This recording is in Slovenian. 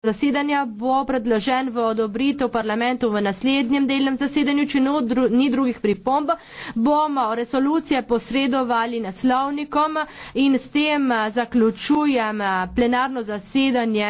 zasedanja bo predložen v odobritev parlamentu v naslednjem delnem zasedanju, če no, dru, ni drugih pripomb, bomo resolucije posredovali naslovnikom in s tem eh, zaključujem eh, plenarno zasedanje